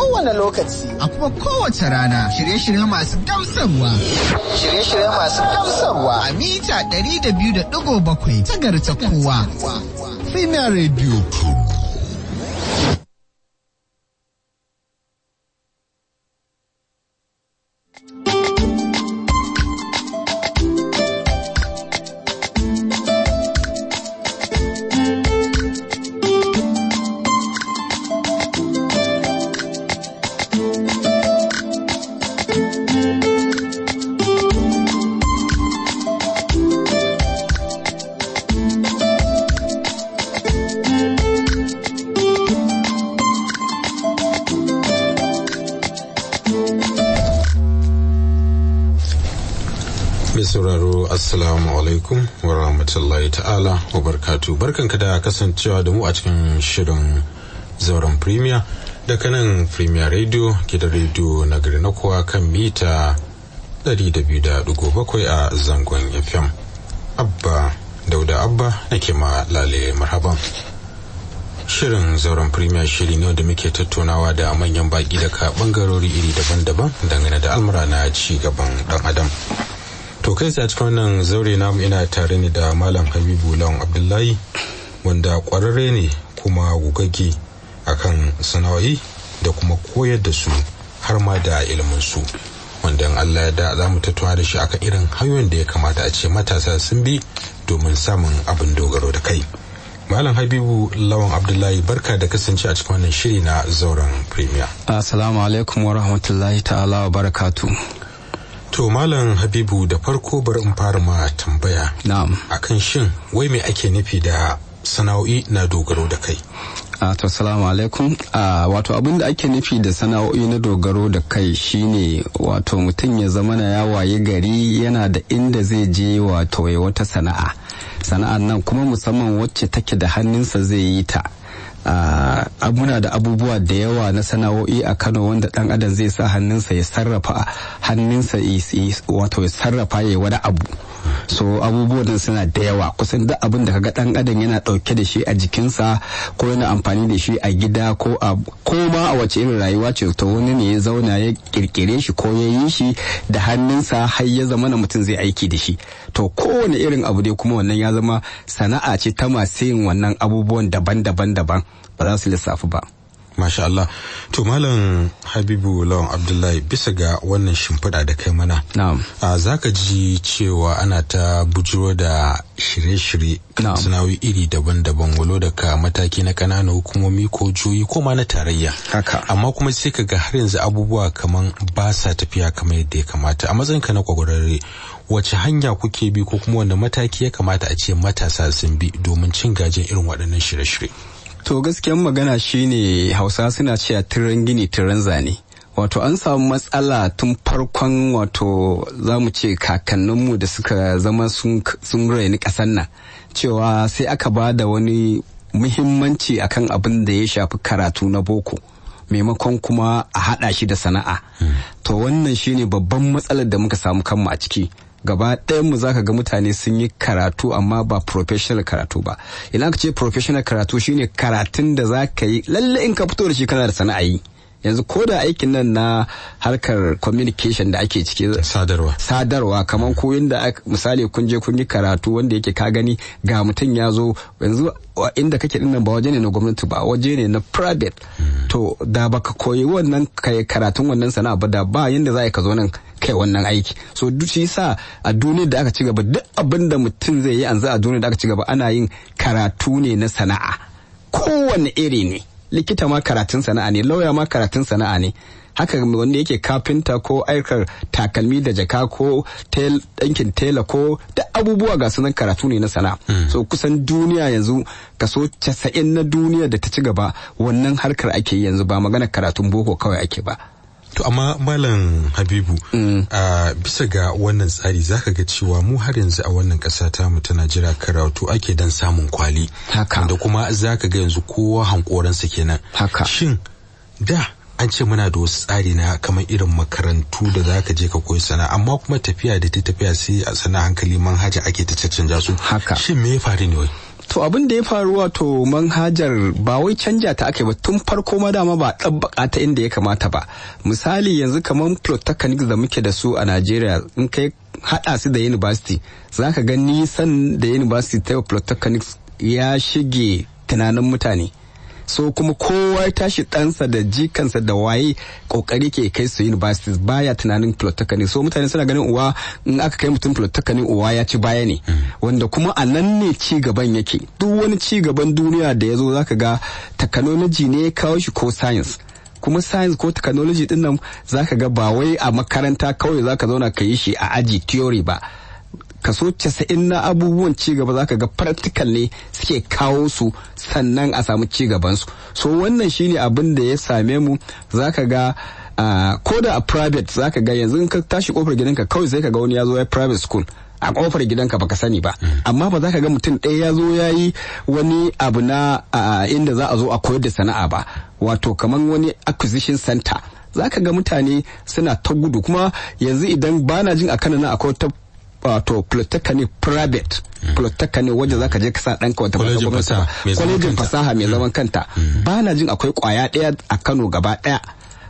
kowane lokaci. A kuma kowace rana shirye-shirye masu gamsarwa. Shirye-shirye masu gamsarwa. A mita ɗari da da ta garta kowa. Female Radio. Assalamu alaikum wa rahmatullahi ta'ala wa barkatu. Barkanka da kasancewa da mu a cikin shirin zauren Premier daga nan Premier Radio gidan radio na gari na kowa kan mita 200.7 a zangon FM. Abba Dauda Abba nake ma lale marhaban. Shirin zauren Premier shiri ne da muke tattaunawa da manyan baki daga bangarori iri daban-daban dangane da almara na ci gaban dan adam. to kai a cikin wannan zaure namu ina tare ne da malam habibu lawan abdullahi wanda kwararre ne kuma gugagge akan sana'o'i da kuma koyar da su har ma da ilimin su wanda in Allah ya da za mu tattauna da shi akan irin hanyoyin da ya kamata a ce matasa sun bi domin samun abin dogaro da kai Malam Habibu Lawan Abdullahi barka da kasance a cikin wannan shiri na zauren Premier. Assalamu alaikum wa rahmatullahi ta'ala wa barakatu. To Malam Habibu da farko bari in fara ma tambaya. Na'am. Akan shin wai me ake nufi da sana'o'i na dogaro da kai? to salamu alaikum wato abin da ake nufi da sana'o'i na dogaro da kai shine wato mutum ya zama na ya waye gari yana da inda zai je wato ya wata sana'a Sana'an nan kuma musamman wacce take da hannunsa zai yi ta muna da abubuwa da yawa na sana'o'i a kano wanda dan adam zai sa hannunsa ya sarrafa hannunsa ya sarrafa ya wani abu so abubuwan suna da yawa kusan duk abin da kaga dan adam yana dauke da shi a jikinsa ko yana amfani da shi a gida ko a ko ma a wace irin rayuwa ce to wani ne ya zauna ya kirkire shi ko ya yi shi da hannunsa har ya zama na mutum zai aiki da shi to kowane irin abu dai kuma wannan ya zama sana'a ce ta masu yin wannan abubuwan daban-daban daban ba za su lissafi ba. Masha Allah. To Malam Habibu Lawan Abdullahi bisa ga wannan shimfiɗa da kai mana. Na'am. Za ka ji cewa ana ta bujiro da shirye-shirye sinawi iri daban-daban walo daga mataki na ƙananan hukumomi ko juyi ko ma na tarayya. Amma kuma sai ka ga har yanzu abubuwa kaman ba sa tafiya kamar yadda ya kamata. A matsayin ka na kwagwararre wace hanya kuke bi ko kuma wanda mataki ya kamata a ce matasa sun bi domin cin gajin irin waɗannan shirye-shirye. To gaskiyan magana shine Hausa suna cewa turan gini turan zane. Wato an samu matsala tun farkon wato za mu ce kakanninmu da suka zama sun raini ƙasar nan cewa sai aka ba da wani muhimmanci akan abin da ya shafi karatu na boko. maimakon kuma a haɗa shi da sana'a. Hmm. To wannan shine babban matsalar da muka samu kanmu a ciki. gaba ɗayan mu zaka ga mutane sun yi karatu amma ba professional karatu ba idan ka ce professional karatu shine karatun da zaka yi lalle in ka fito da shi kana da sana'a yi yanzu ko da aikin nan na harkar communication da ake ciki sadarwa sadarwa kamar koyin da misali kun je kun yi karatu wanda yake ka gani ga mutum ya zo yanzu inda kake din nan ba waje ne na gwamnati ba waje ne na private hmm. to da baka koyi wannan kai karatun wannan sana'a ba da ba yanda za ka zo nan kai wannan aiki so duk shi sa a duniyar da aka ci duk abinda mutum zai yi yanzu a duniyar da aka ci gaba ana yin karatu ne na sana'a kowane iri ne likita ma karatun sana'a ne lauya ma karatun sana'a ne haka wanda yake kafinta ko aikar takalmi da jaka ko ɗankin tela ko da abubuwa ga sunan karatu ne na sana'a. Hmm. so kusan duniya yanzu kaso casa'in na duniya da ta ci gaba wannan harkar ake yanzu ba magana karatun boko kawai ake ba To amma Malam Habibu, mm. a bisa ga wannan tsari zaka ga cewa mu har yanzu a wannan ƙasa ta mu ta jira karatu ake dan samun kwali. Haka. Da kuma zaka ga yanzu kowa hankoransa kenan. Haka. Shin da an ce muna da wasu tsari na kamar irin makarantu da za ka je ka koyi sana amma kuma tafiya da ta tafiya sai a sana hankali manhaja ake ta caccanja su. Haka. Shin me ya faru ne wai? to abin da ya faru wato manhajar ba wai canja ta aka yi ba tun farko ma dama ba ɗabbaka ta inda ya kamata ba misali yanzu kamar plotechnics da muke da su a najeriya in kai haɗa su da university za ka ga nisan da university ta plotechnics ya shige tunanin mutane so kuma kowa ya tashi ɗansa da jikansa da waye ƙoƙari ke kai su universities baya tunanin polytechnic so mutane suna ganin uwa in aka kai mutum polytechnic uwa ya ci baya ne hmm. wanda kuma a nan ne ci gaban yake duk wani ci gaban duniya da ya zo za ka ga technology ne ya kawo shi ko science kuma science ko technology din nan zaka ga ba wai a makaranta kawai za ka zauna ka yi shi a aji theory ba kaso casa'in na abubuwan cigaba za ka ga practical ne suke kawo su sannan a samu cigabansu so wannan shine abin da ya same mu za ka ga ko da a private za ka ga yanzu in ka tashi kofar gidanka kawai sai ka ga wani ya zo ya private school a kofar gidanka baka sani ba mm. amma ba za ka ga mutum ɗaya ya zo ya yi wani abu na inda za a zo a koyar da sana'a ba wato kamar wani acquisition center za ka ga mutane suna ta gudu kuma yanzu idan bana jin a kanana akwai wato polytechnic private mm. polytechnic wajen zaka je ka sa ɗanka wata fasaha kwalejin fasaha mai zaman kanta mm. mm. ba na jin akwai kwaya ɗaya a Kano gaba ɗaya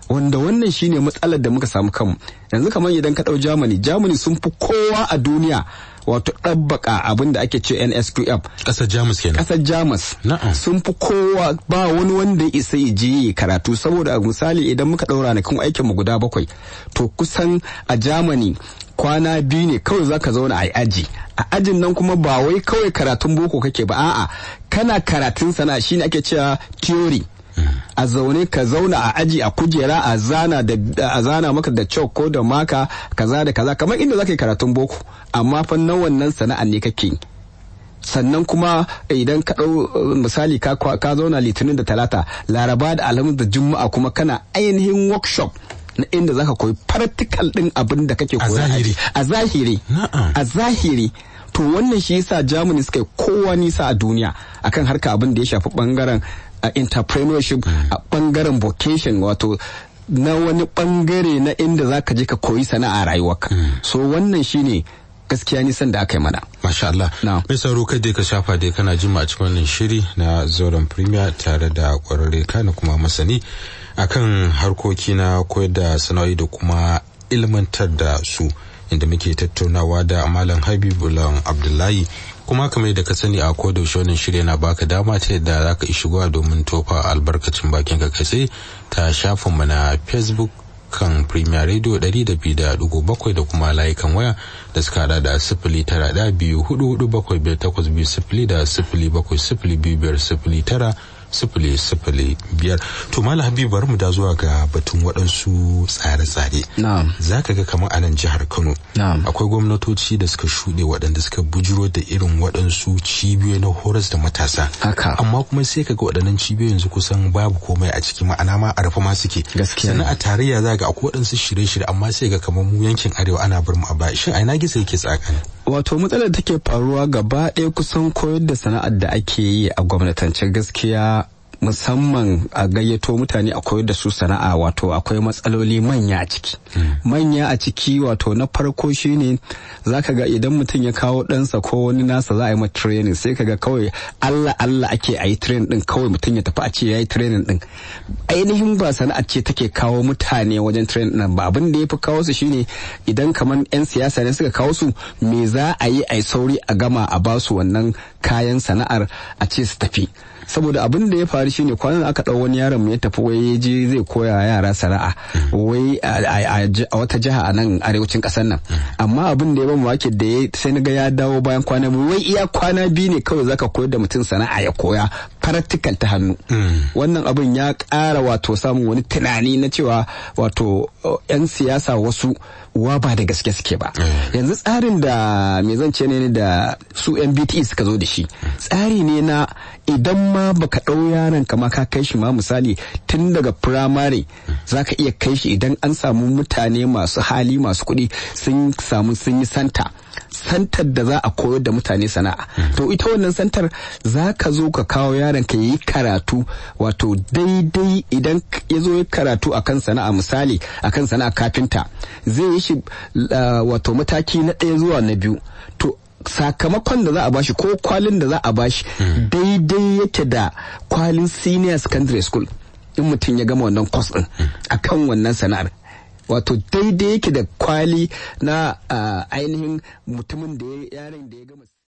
wanda wannan shine matsalar da muka samu kanmu yanzu kamar idan ka dau Germany Germany sun fi kowa a duniya wato ɗabbaka abin da ake ce NSQF. Ƙasar Jamus kenan. Ƙasar Jamus. Sun fi kowa ba wani wanda ya isa je karatu saboda misali idan muka ɗaura na kan aikin mu guda bakwai to kusan a Germany kwana biyu ne kawai za ka zauna a aji a ajin nan kuma ba wai kawai karatun boko kake ba a'a kana karatun sana shine ake cewa theory a zaune ka zauna a aji a kujera a zana da a zana maka da chalk ko da maka kaza da kaza kamar inda zaka yi karatun boko amma fa wannan sana'a ne kake sannan kuma idan ka ɗau misali ka zauna litinin da talata laraba da alhamis da juma'a kuma kana ainihin workshop na inda zaka koyi practical din abin da kake koyi a zahiri a zahiri to wannan shi yasa germany suka kowa nisa a duniya akan harka abin da ya shafi bangaren a entrepreneurship hmm. a bangaren vocation wato na wani bangare na inda zaka je ka koyi sana'a rayuwarka hmm. so wannan shine gaskiya nisan da aka yi mana. Masha Allah. Mai sauro kai dai ka shafa dai kana jima a cikin wannan shiri na zauren premier tare da kwararre kana kuma masani akan harkoki na koyar da sana'o'i da kuma ilmantar da su inda muke tattaunawa da malam habibulan abdullahi kuma kamar da ka sani a koda wannan shirya na baka dama ta yadda za ka shigowa domin tofa albarkacin bakin ka kai sai ta shafin mana facebook kan Premier Radio 200.7 da kuma layukan waya da suka hada da sifili tara da biyu hudu hudu bakwai biyar takwas biyu sifili da sifili bakwai sifili biyu biyar sifili tara sifili sifili biyar to mala Habibu bari mu da zuwa ga batun waɗansu tsare-tsare za ka ga kamar a nan jihar kano akwai gwamnatoci da suka shuɗe waɗanda suka bujiro da irin waɗansu cibiyoyi na horas da matasa amma kuma sai ka ga waɗannan cibiyoyi yanzu kusan babu komai a ciki ma'ana ma a rufe ma suke gaskiya sannan a tarayya za ga akwai waɗansu shirye-shirye amma sai ga kamar mu yankin arewa ana bar mu a baya shin a ina gisa yake tsakani wato matsalar take faruwa gaba ɗaya kusan koyar da sana'ar da ake yi a gwamnatance gaskiya musamman a gayyato mutane a da su sana'a wato akwai matsaloli manya a ciki hmm. manya a ciki wato na farko shine zaka ga idan mutum ya kawo ɗansa ko wani nasa za a yi ma training sai ka ga kawai Allah Allah ake a yi training din kawai mutum ya tafi a ce ya yi training din ainihin ba sana'a ce take kawo mutane wajen training din ba abin da ya fi kawo su shine idan kamar 'yan siyasa ne suka kawo su me za a yi a sauri a gama a basu wannan kayan sana'ar a ce su tafi saboda abin da ya faru shine kwanan aka ɗau wani yaron ya tafi wai ya je zai koya yara sana'a wai a wata jiha a nan arewacin ƙasar nan amma abin da ya bamu wake da sai na ga ya dawo bayan kwana biyu wai iya kwana biyu ne kawai zaka koyar da mutum sana'a ya koya practical ta hannu hmm. wannan abin ya ƙara wato samun wani tunani na cewa wato 'yan siyasa wasu wa ba da gaske suke ba hmm. yanzu tsarin da me zance ne da su MBT e suka zo da shi hmm. tsari ne na idan ma ba ka ɗau yaron kama ka kai shi ma misali tun daga firamare za ka iya kai shi idan an samu mutane masu hali masu kuɗi sun samu sun yi santa santar da za a koyar da mutane sana'a to ita wannan santar za ka zo ka kawo yaron ka yi karatu wato daidai idan ya zo ya karatu akan sana'a misali akan sana'a kafinta zai yi shi eh, wato mataki na ɗaya zuwa na biyu to sakamakon da za a bashi ko kwalin da za a bashi hmm. daidai yake da kwalin senior secondary school in mutum ya gama wannan kwas din hmm. akan wannan sana'ar wato daidai yake da kwali na ah, ainihin mutumin da ya da ya gama